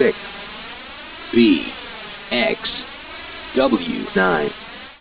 six B X W nine